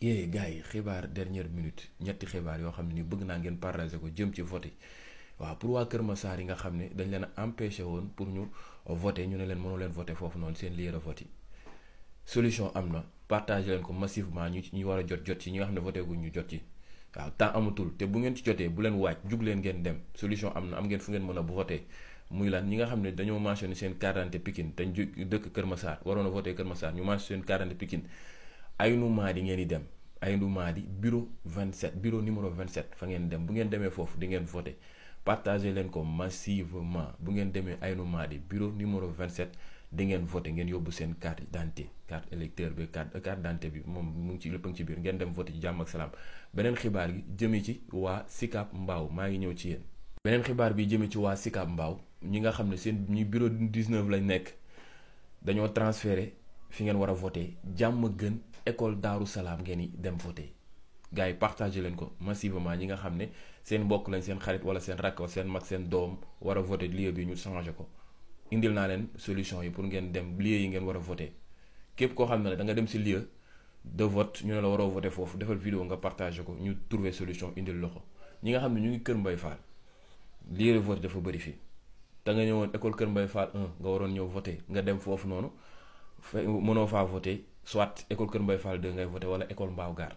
yee eh, gars yi xibaar dernière minute ñetti xibaar yoo xam ne ni bëgg naa ngeen partager ko jëm ci vote yi waaw pour waa Kër Massar yi nga xam ne dañ leen a empêché woon pour ñu voter ñu ne leen mënu leen voter foofu noonu seen lieu de vote yi solution am na partager leen ko massivement ñu ñu war a jot jot ci ñu nga xam ne voté guñ ñu jot ci waaw temps amatul te bu ngeen ci jotee bu leen waaj jug leen ngeen dem solution am na am ngeen fu ngeen mën a bu voté muy lan nga xam ne dañoo mentionné seen carte d'identité Pikine dëkk Kër Massar waroon a voté Kër Massar ñu mentionné Aynu Maadi ngeen di dem Aynu Maadi bureau 27 bureau vingt 27 fa ngeen dem bu ngeen demee foofu di ngeen voté partagé leen ko massivement bu ngeen demee Aynu Maadi bureau numéro 27 di ngeen voté ngeen yóbbu seen carte d'identité carte électeur bi carte carte d'identité bi moom mu ngi ci lépp ngi ci biir ngeen dem voté ci jàmm ak salaam beneen xibaar gi jëmee ci waa Sicap Mbao maa ngi ñëw ci yéen. beneen xibaar bi jëmee ci waa Sicap Mbao ñi nga xam ne seen ñi bureau 19 lañ nekk dañoo transféré fi ngeen war a voté jàmm gën. école Daaru Salaam ngeen di dem voter gars yi partagé leen ko massivement ñi nga xam ne seen mbokk lañ seen xarit wala seen rakk wala seen mag seen doom war a voter lieu bi ñu changé ko indil naa leen solution yi pour ngeen dem lieu yi ngeen war a voter képp koo xam ne da nga dem si lieu de vote ñu ne la waroo voter foofu defal vidéo nga partagé ko ñu trouver solution indil loxo ñi nga xam ne ñu ngi Kër mbay Fall lieu vote dafa bëri fii da nga ñëwoon école Kër Mbaye Fall nga waroon ñëw voter nga dem foofu noonu fe mënoo faa soit école Kër Mbaye Fall 2 ngay voté wala école Mbaaw Gaar